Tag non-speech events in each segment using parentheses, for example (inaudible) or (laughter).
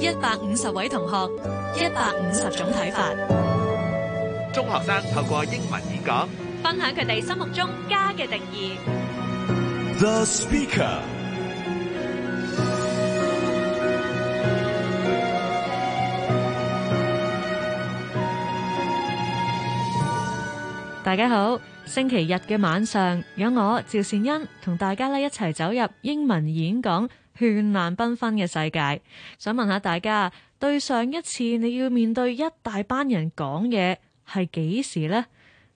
一百五十位同學，一百五十種睇法。中學生透過英文演講，分享佢哋心目中家嘅定義。The speaker，大家好，星期日嘅晚上，有我趙善欣同大家咧一齊走入英文演講。絢爛繽紛嘅世界，想問下大家，對上一次你要面對一大班人講嘢係幾時呢？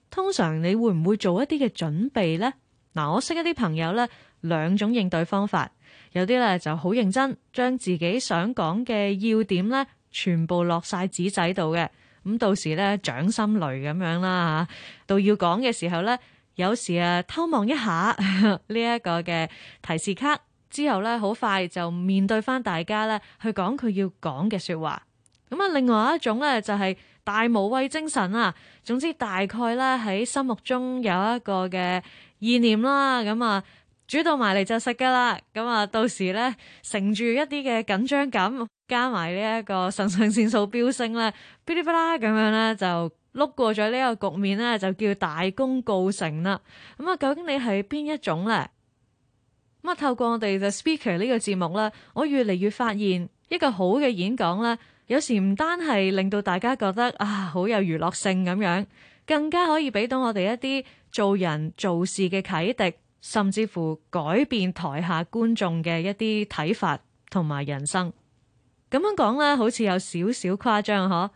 通常你會唔會做一啲嘅準備呢？嗱、啊，我識一啲朋友呢，兩種應對方法，有啲呢就好認真，將自己想講嘅要點呢全部落晒紙仔度嘅，咁到時呢，掌心雷咁樣啦吓，到要講嘅時候呢，有時啊偷望一下呢一個嘅提示卡。之後咧，好快就面對翻大家咧，去講佢要講嘅說話。咁啊，另外一種咧就係大無畏精神啦。總之大概咧喺心目中有一個嘅意念啦。咁啊，煮到埋嚟就食噶啦。咁啊，到時咧乘住一啲嘅緊張感，加埋呢一個腎上腺素飆升咧，嗶哩啪啦咁樣咧，就碌過咗呢個局面咧，就叫大功告成啦。咁啊，究竟你係邊一種咧？咁啊，透過我哋嘅 Speaker 呢個節目咧，我越嚟越發現一個好嘅演講咧，有時唔單係令到大家覺得啊好有娛樂性咁樣，更加可以俾到我哋一啲做人做事嘅啟迪，甚至乎改變台下觀眾嘅一啲睇法同埋人生。咁樣講咧，好似有少少誇張呵。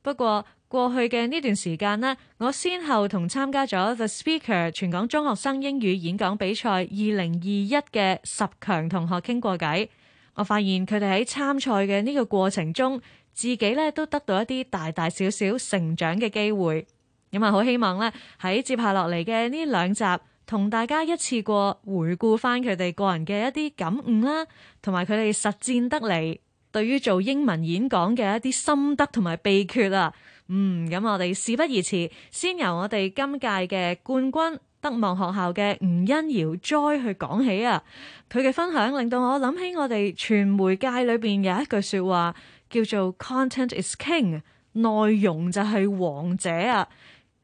不過，過去嘅呢段時間咧，我先後同參加咗 The Speaker 全港中學生英語演講比賽2021嘅十強同學傾過偈，我發現佢哋喺參賽嘅呢個過程中，自己咧都得到一啲大大小小成長嘅機會。咁啊，好希望咧喺接下落嚟嘅呢兩集，同大家一次過回顧翻佢哋個人嘅一啲感悟啦，同埋佢哋實戰得嚟對於做英文演講嘅一啲心得同埋秘訣啊。嗯，咁我哋事不宜遲，先由我哋今屆嘅冠軍德望學校嘅吳欣瑤再去講起啊！佢嘅分享令到我諗起我哋傳媒界裏面有一句說話，叫做 Content is king，內容就係王者啊！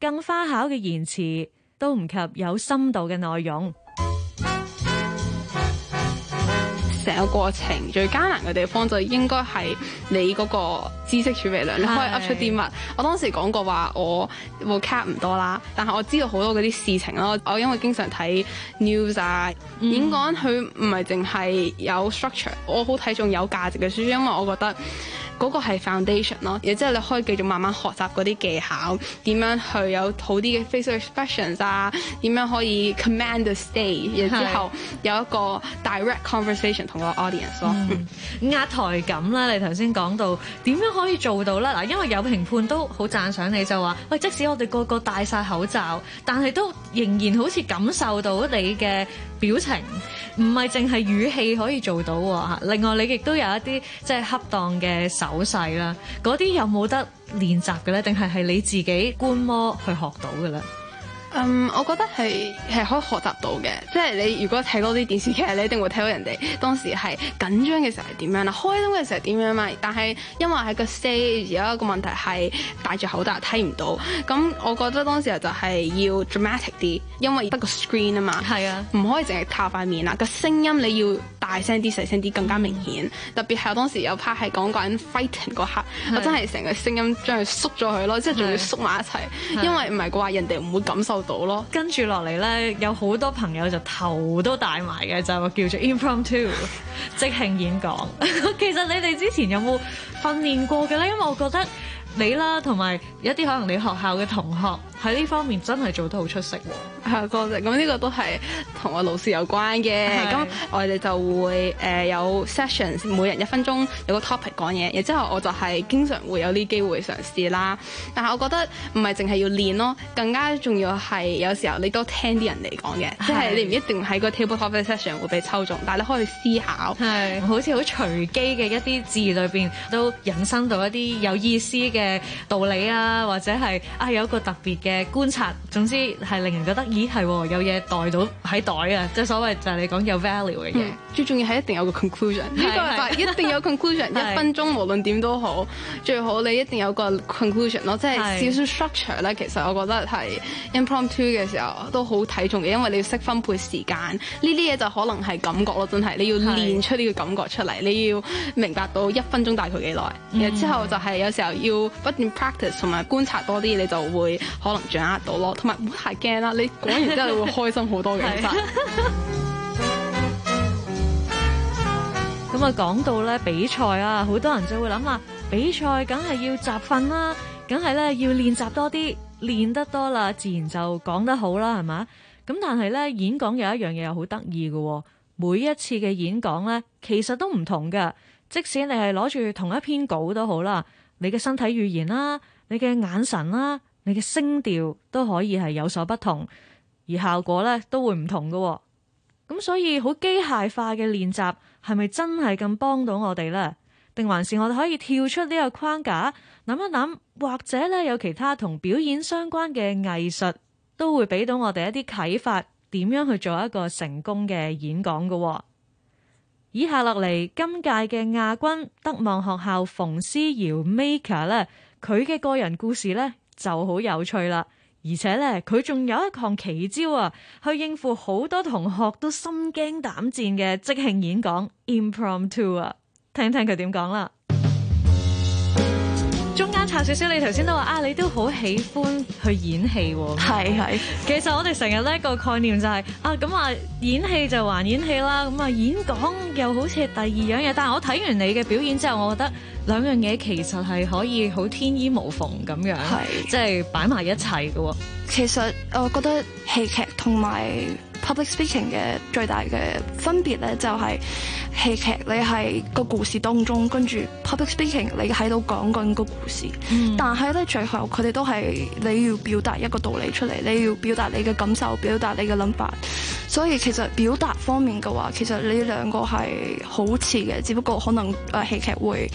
更花巧嘅言辭都唔及有深度嘅內容。成個過程最艱難嘅地方就是應該係你嗰個知識儲備量，你可以 up 出啲乜。是我當時講過話我 book 卡唔多啦，但係我知道好多嗰啲事情咯。我因為經常睇 news 啊，點講佢唔係淨係有 structure，我好睇重有價值嘅書，因為我覺得。嗰個係 foundation 咯，然之後你可以繼續慢慢學習嗰啲技巧，點樣去有好啲嘅 facial expressions 啊，點樣可以 command the stage，然之後有一個 direct conversation 同個 audience 咯，壓台感啦，你頭先講到點樣可以做到啦，嗱，因為有評判都好讚賞你，就話，喂，即使我哋個個個戴晒口罩，但係都仍然好似感受到你嘅。表情唔係淨係語氣可以做到，另外你亦都有一啲即係恰當嘅手勢啦。嗰啲有冇得練習嘅咧？定係係你自己觀摩去學到嘅咧？嗯，um, 我覺得係係可以學習到嘅，即係你如果睇多啲電視劇，你一定會睇到人哋當時係緊張嘅時候係點樣啦，開心嘅時候點樣嘛。但係因為喺個 stage 有一個問題係戴住口罩睇唔到，咁我覺得當時候就係要 dramatic 啲，因為得個 screen 啊嘛，係啊的，唔可以淨係靠塊面啦，個聲音你要。大聲啲、細聲啲，更加明顯。特別係我當時有 part 係講緊 fighting 嗰刻，是我真係成個聲音將佢縮咗佢咯，即係仲要縮埋一齊，是因為唔係話人哋唔會感受到咯。跟住落嚟咧，有好多朋友就頭都大埋嘅，就係、我叫做 impromptu (laughs) 即興演講。 (laughs) 其實你哋之前有冇訓練過嘅咧？因為我覺得你啦，同埋一啲可能你學校嘅同學。喺呢方面真係做得好出色喎！係、啊，確實咁呢個都係同我老師有關嘅。咁的我哋就會誒、呃、有 session，每人一分鐘有個 topic 講嘢。然之後我就係經常會有啲機會嘗試啦。但係我覺得唔係淨係要練咯，更加重要係有時候你都聽啲人嚟講嘅，即係的你唔一定喺個 table topic session 會被抽中，但係你可以去思考，係的好似好隨機嘅一啲字裏邊都引申到一啲有意思嘅道理啊，或者係啊有一個特別嘅。嘅觀察，總之係令人覺得，咦係、哦、有嘢袋到喺袋啊！即所謂就係、你講有 value 嘅嘢、嗯。最重要係一定有個 conclusion 對。呢個對一定有 conclusion 對。一分鐘無論點都好，對最好你一定有個 conclusion 咯對。即係少少 structure 咧，其實我覺得係 impromptu 嘅時候都好睇重嘅，因為你要識分配時間。呢啲嘢就可能係感覺咯，真係你要練出呢個感覺出嚟。對你要明白到一分鐘大概幾耐，嗯、之後就係有時候要不斷 practice 同埋觀察多啲，你就會可能。掌握到咯，同埋唔好太驚啦。你講完之後會開心好多嘅。咁啊 (laughs) 是，講 (laughs) 到咧，比賽啊，好多人就會諗啦，比賽梗係要集訓啦，梗係咧要練習多啲，練得多啦，自然就講得好啦，係嘛？咁但係咧演講有一樣嘢又好得意嘅，每一次嘅演講咧其實都唔同㗎，即使你係攞住同一篇稿都好啦，你嘅身體語言啦，你嘅眼神啦。你嘅聲調都可以係有所不同，而效果咧都會唔同㗎喎。咁所以好機械化嘅練習係咪真係咁幫到我哋呢？定還是我哋可以跳出呢個框架諗一諗，或者咧有其他同表演相關嘅藝術都會俾到我哋一啲啟發，點樣去做一個成功嘅演講㗎喎？以下落嚟，今屆嘅亞軍德望學校馮思瑤 Maker 呢，佢嘅個人故事呢，就好有趣啦，而且咧佢仲有一項奇招啊，去應付好多同學都心驚膽戰嘅即興演講 impromptu 啊，聽聽佢點講啦。.中間插少少，你頭先都話啊，你都好喜歡去演戲喎。係其實我哋成日呢個概念就係，係，啊咁啊演戲就還演戲啦，咁啊演講又好似第二樣嘢。但係我睇完你嘅表演之後，我覺得兩樣嘢其實係可以好天衣無縫咁樣，即係擺埋一齊嘅喎。其實我覺得戲劇同埋。public speaking 嘅最大嘅分別咧，就係戲劇你係個故事當中，跟住 public speaking 你喺度講緊個故事。嗯。但係咧最後佢哋都係你要表達一個道理出嚟，你要表達你嘅感受，表達你嘅諗法。所以其實表達方面嘅話，其實你兩個係好似嘅，只不過可能誒戲劇會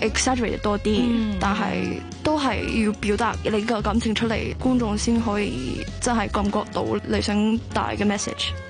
exaggerate 多啲，嗯，但係都係要表達你個感情出嚟，觀眾先可以真係感覺到你想帶嘅咩。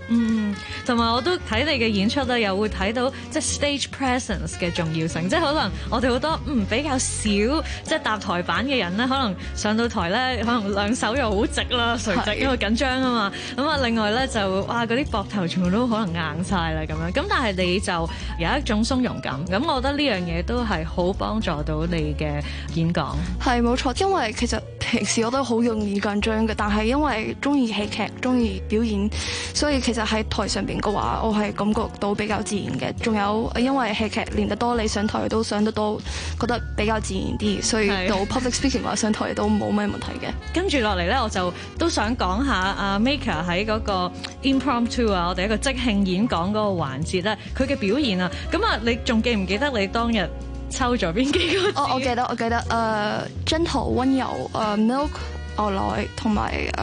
嗯，同埋我都睇你嘅演出咧，又會睇到即係、就是、stage presence 嘅重要性，即係可能我哋好多嗯比較少即係踏台板嘅人咧，可能上到台咧，可能兩手又好直啦，垂直因為緊張啊嘛。咁啊是，另外咧就哇，嗰啲膊頭全部都可能硬晒啦，咁樣。咁但係你就有一種鬆容感，咁我覺得呢樣嘢都係好幫助到你嘅演講。係冇錯，因為其實。平時我都好容易緊張嘅，但係因為中意戲劇、中意表演，所以其實喺台上邊嘅話，我係感覺到比較自然嘅。仲有因為戲劇練得多，你上台都上得多，覺得比較自然啲，所以到 public speaking 話上台都冇咩問題嘅。是跟住落嚟咧，我就都想講下阿 Maker 喺嗰個 impromptu 啊，我哋一個即興演講嗰個環節咧，佢嘅表現啊，咁啊，你仲記唔記得你當日？抽咗邊幾個字？哦，我記得，我記得，誒、呃、gentle 溫柔，誒、呃、milk 牛奶，同埋誒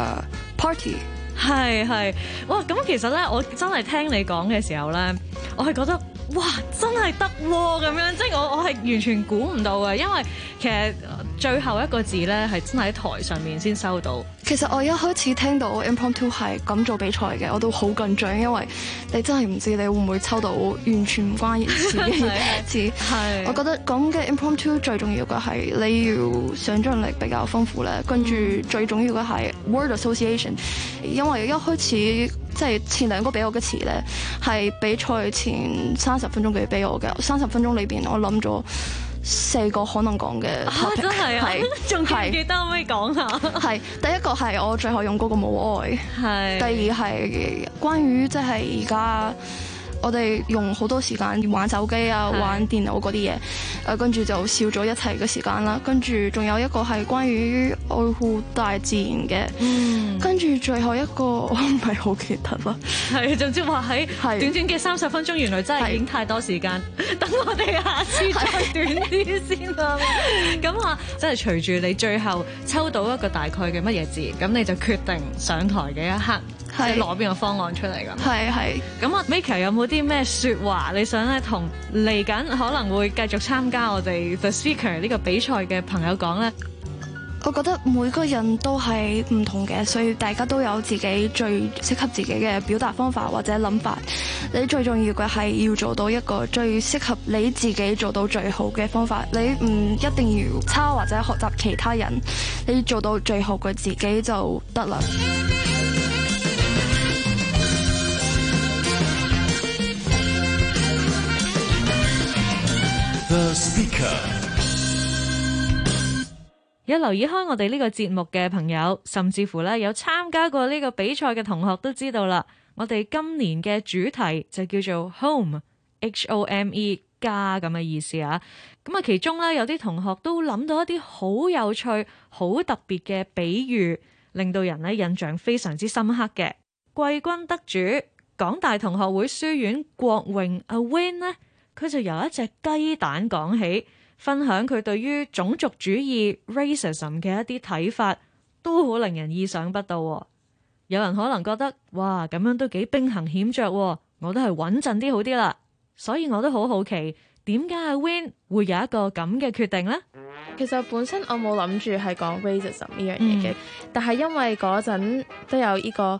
party。係係，哇！咁其實咧，我真係聽你講嘅時候咧，我係覺得。哇，真係得喎咁樣，即係我我係完全估唔到嘅，因為其實最後一個字咧係真係喺台上面先收到。其實我一開始聽到 impromptu 係咁做比賽嘅，我都好緊張，因為你真係唔知你會唔會抽到完全唔關事嘅字。係，我覺得咁嘅 impromptu 最重要嘅係你要想像力比較豐富咧，跟住最重要嘅係 word association，因為一開始。即係前兩個俾我嘅詞咧，係比賽前三十分鐘佢俾我嘅。三十分鐘裏邊，我諗咗四個可能講嘅。啊。真係啊，仲記唔記得？可唔可以講下？係 (laughs) 第一個係我最後用嗰個母愛。係是。第二係關於即係而家。我哋用好多時間玩手機啊，是玩電腦嗰啲嘢，誒跟住就少咗一齊嘅時間啦。跟住仲有一個係關於愛護大自然嘅，跟住、嗯、最後一個我唔係好記得啦。係總之話喺短短嘅三十分鐘，是原來真係已經太多時間。是 (laughs) 等我哋下次再短啲先啦。咁啊， (laughs) 即係隨住你最後抽到一個大概嘅乜嘢字，咁你就決定上台嘅一刻。即係攞邊個方案出嚟咁，係係。咁啊，Makea 有冇啲咩說話你想咧同嚟緊可能會繼續參加我哋 The Speaker 呢個比賽嘅朋友講咧？我覺得每個人都係唔同嘅，所以大家都有自己最適合自己嘅表達方法或者諗法。你最重要嘅係要做到一個最適合你自己做到最好嘅方法。你唔一定要抄或者學習其他人，你做到最好嘅自己就得啦。有 A 留意開我哋呢個節目嘅朋友，甚至乎呢有參加過呢個比賽嘅同學都知道啦。我哋今年嘅主題就叫做 home，H-O-M-E，家咁嘅意思啊。咁啊，其中呢有啲同學都諗到一啲好有趣、好特別嘅比喻，令到人呢印象非常之深刻嘅。季軍得主港大同學會書院郭穎阿 Win 呢，佢就由一隻雞蛋講起，分享佢對於種族主義 racism 嘅一啲睇法，都好令人意想不到、哦。有人可能覺得，哇，咁樣都幾兵行險著、哦，我都係穩陣啲好啲啦。所以我都好好奇，點解阿 Win 會有一個咁嘅決定呢？其實本身我冇諗住係講 racism 呢樣嘢嘅，嗯、但係因為嗰陣都有呢、這個。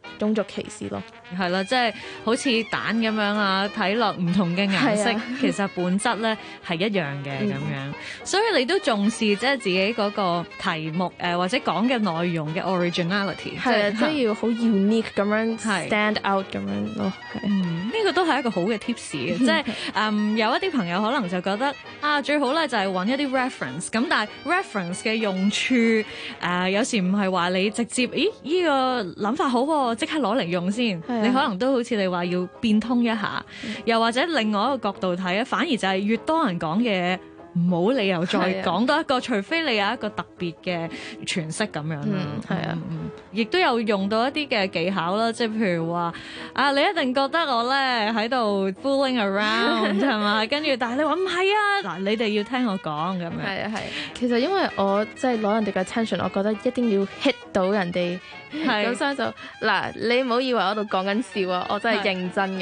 種族歧視咯，係啦，即、就、係、是、好似蛋咁樣啊，睇落唔同嘅顏色，是啊、其實本質咧係一樣嘅咁樣。嗯、所以你都重視即係自己嗰個題目誒、呃，或者講嘅內容嘅 originality，係都、啊、要好 unique 咁樣、嗯、stand out 咁樣咯。呢個都係一個好嘅 tips 即係誒有一啲朋友可能就覺得啊最好咧就係揾一啲 reference，咁但係 reference 嘅用處誒、呃、有時唔係話你直接，咦呢、呢個諗法好、啊。即刻攞嚟用先，你可能都好似你話要變通一下，又或者另外一個角度睇咧，反而就係越多人講嘢。唔好理由再講多一個，除非你有一個特別嘅詮釋咁樣。嗯，係啊，嗯，亦都有用到一啲嘅技巧啦，即係譬如話啊，你一定覺得我咧喺度 fooling around，係嘛？跟住，但係你話唔係啊？嗱，你哋要聽我講咁樣。係啊，係。其實因為我即係攞人哋嘅 attention，我覺得一定要 hit 到人哋，係啊，咁所以就嗱，你唔好以為我度講緊笑啊，我真係認真嘅，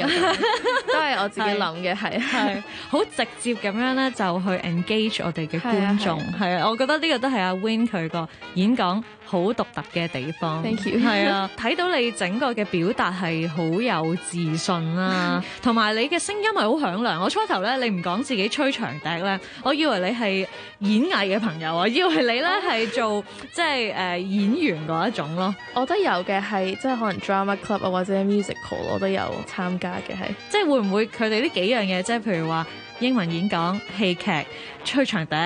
都係我自己諗嘅，係係好直接咁樣咧就去。Engage 我哋嘅觀眾係啊，啊，啊，我覺得呢個都係阿 Win 佢個演講好獨特嘅地方。Thank you 係 (laughs) 啊，睇到你整個嘅表達係好有自信啦，啊，同埋 (laughs) 你嘅聲音係好響亮。我初頭咧，你唔講自己吹長笛咧，我以為你係演藝嘅朋友啊，我以為你咧係做即係誒演員嗰一種咯。我覺得有嘅係即係可能 drama club 啊或者 musical，我都有參加嘅係，即係會唔會佢哋呢幾樣嘢，即係譬如話。英文演講、戲劇、吹長笛，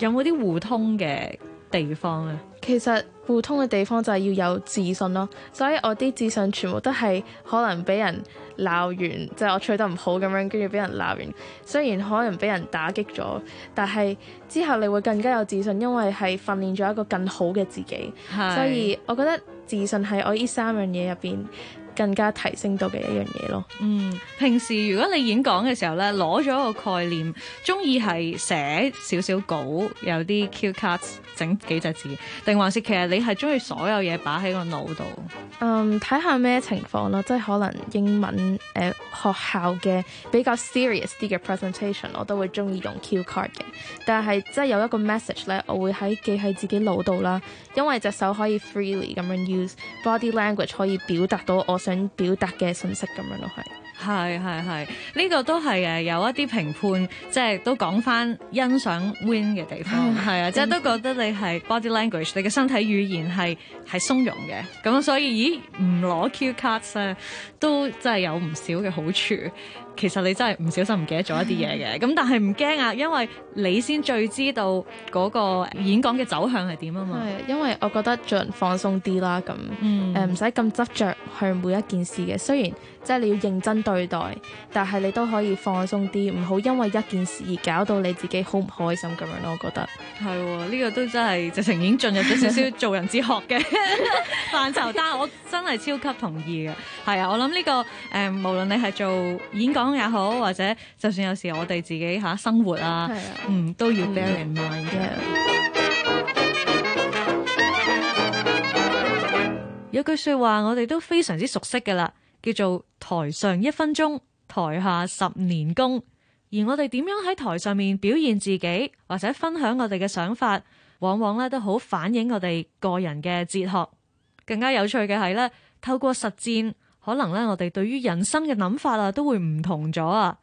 有冇啲互通嘅地方？其實互通嘅地方就係要有自信咯。所以我啲自信全部都係可能俾人鬧完，即係我吹得唔好咁樣，跟住俾人鬧完。雖然可能俾人打擊咗，但係之後你會更加有自信，因為係訓練咗一個更好嘅自己。是所以，我覺得自信係我呢三樣嘢入面。更加提升到嘅一樣嘢咯。嗯，平時如果你演講嘅時候咧，攞咗一個概念，中意係寫少少稿，有啲 cue cards 整幾隻字，定還是其實你係中意所有嘢擺喺個腦度？嗯，睇下咩情況咯。即係可能英文誒、呃、學校嘅比較 serious 啲嘅 presentation，我都會中意用 cue card 嘅。但係即係有一個 message 咧，我會喺記喺自己腦度啦，因為隻手可以 freely 咁樣 use body language 可以表達到我。想表達嘅信息咁樣咯，係係係係，呢、這個都係誒有一啲評判，即、就、係、是、都講返欣賞 win 嘅地方，係啊， (laughs) 即、就、係、是、都覺得你係 body language，你嘅身體語言係係鬆容嘅，咁所以咦唔攞 Q Cards 呢、啊，都真係有唔少嘅好處。其實你真係唔小心唔記得咗一啲嘢嘅，咁 (laughs) 但係唔驚啊，因為你先最知道嗰個演講嘅走向係點啊嘛。對是是因為我覺得盡放鬆啲啦，咁誒唔使咁執着去每一件事嘅。嗯、雖然即係、就是、你要認真對待，但係你都可以放鬆啲，唔好因為一件事而搞到你自己好唔開心咁樣咯。我覺得係喎，呢、哦這個都真係直情已經進入咗少少做人哲學嘅範疇，但 (laughs) 係單 (laughs) 對 我真係超級同意嘅。係啊，我諗呢、這個誒，無論你係做演講。也好，或者就算有時我哋自己吓、啊、生活啊，的嗯，都要 bear in mind 嘅。的有句說話，我哋都非常之熟悉噶啦，叫做台上一分鐘，台下十年功。而我哋點樣喺台上面表現自己，或者分享我哋嘅想法，往往咧都好反映我哋個人嘅哲學。更加有趣嘅係咧，透過實戰。可能咧，我哋對於人生嘅諗法啊，都會唔同咗啊！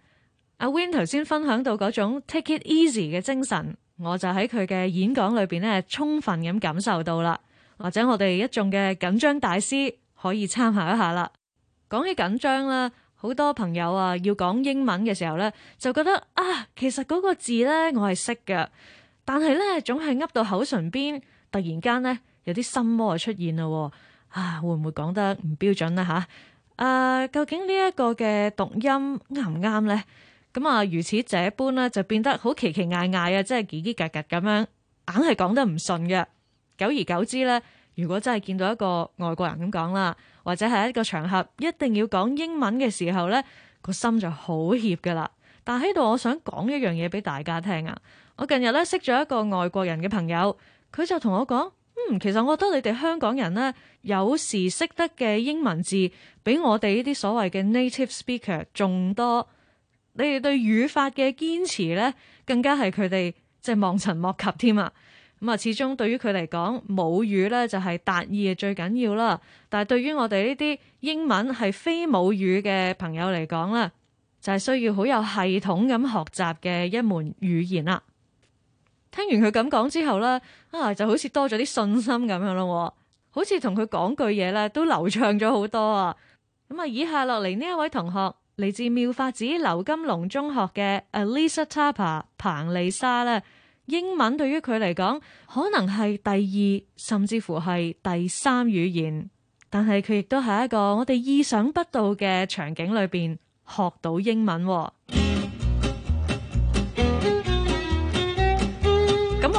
阿 Win 頭先分享到嗰種 take it easy 嘅精神，我就喺佢嘅演講裏邊咧，充分咁感受到啦。或者我哋一眾嘅緊張大師可以參考一下啦。講起緊張咧，好多朋友啊，要講英文嘅時候咧，就覺得啊，其實嗰個字咧我係識㗎，但係咧總係噏到口唇邊，突然間咧有啲心魔啊出現啦，啊會唔會講得唔標準啦吓？啊、呃，究竟呢一個嘅讀音啱唔啱呢？咁啊，如此這般呢，就變得好奇奇怪怪啊，即係結結結結咁樣，硬係講得唔順嘅。久而久之呢，如果真係見到一個外國人咁講啦，或者係一個場合一定要講英文嘅時候呢，個心就好怯噶啦。但喺度，我想講一樣嘢俾大家聽啊！我近日呢識咗一個外國人嘅朋友，佢就同我講。嗯，其實我覺得你哋香港人呢，有時識得嘅英文字比我哋呢啲所謂嘅 native speaker 仲多，你哋對語法嘅堅持呢，更加係佢哋即係望塵莫及添啊！咁啊，始終對於佢嚟講，母語呢就係達意嘅最緊要啦。但係對於我哋呢啲英文係非母語嘅朋友嚟講咧，就係需要好有系統咁學習嘅一門語言啦。聽完佢咁講之後咧，啊就好似多咗啲信心咁樣咯，好似同佢講句嘢咧都流暢咗好多啊！咁啊，以下落嚟呢一位同學嚟自妙法寺劉金龍中學嘅 Elisa Tappa 彭麗莎咧，英文對於佢嚟講可能係第二甚至乎係第三語言，但係佢亦都係一個我哋意想不到嘅場景裏邊學到英文。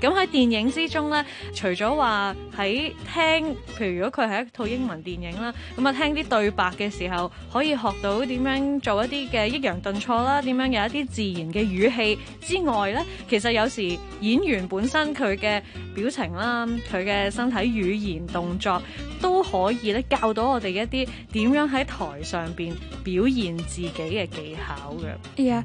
咁喺電影之中呢，除咗話喺聽，譬如如果佢係一套英文電影啦，咁啊聽啲對白嘅時候，可以學到點樣做一啲嘅抑揚頓挫啦，點樣有一啲自然嘅語氣之外呢，其實有時演員本身佢嘅表情啦，佢嘅身體語言動作都可以咧教到我哋一啲點樣喺台上邊表現自己嘅技巧嘅。Yeah.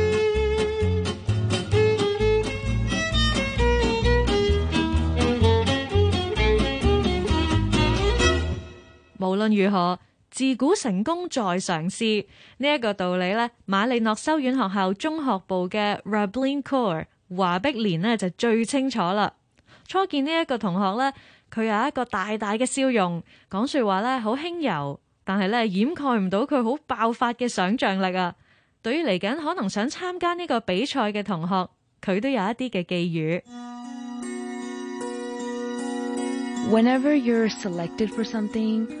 無論如何，自古成功在嘗試呢一個道理咧，馬利諾修院學校中學部嘅 Rablin Core 華碧蓮咧就最清楚啦。初見呢一個同學咧，佢有一個大大嘅笑容，講說話咧好輕柔，但係咧掩蓋唔到佢好爆發嘅想象力啊。對於嚟緊可能想參加呢個比賽嘅同學，佢都有一啲嘅寄語。Whenever you're selected for something.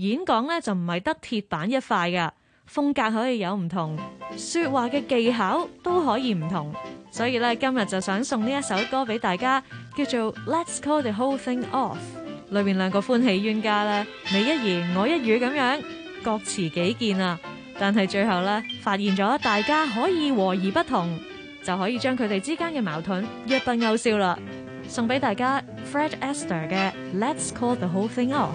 演講咧就唔係得鐵板一塊㗎，風格可以有唔同，說話嘅技巧都可以唔同。所以咧，今日就想送呢一首歌俾大家，叫做《Let's Call the Whole Thing Off》。裏面兩個歡喜冤家啦，你一言我一語咁樣各持己見啊。但係最後咧，發現咗大家可以和而不同，就可以將佢哋之間嘅矛盾一筆勾銷啦。送俾大家 Fred Astaire 嘅《Let's Call the Whole Thing Off》。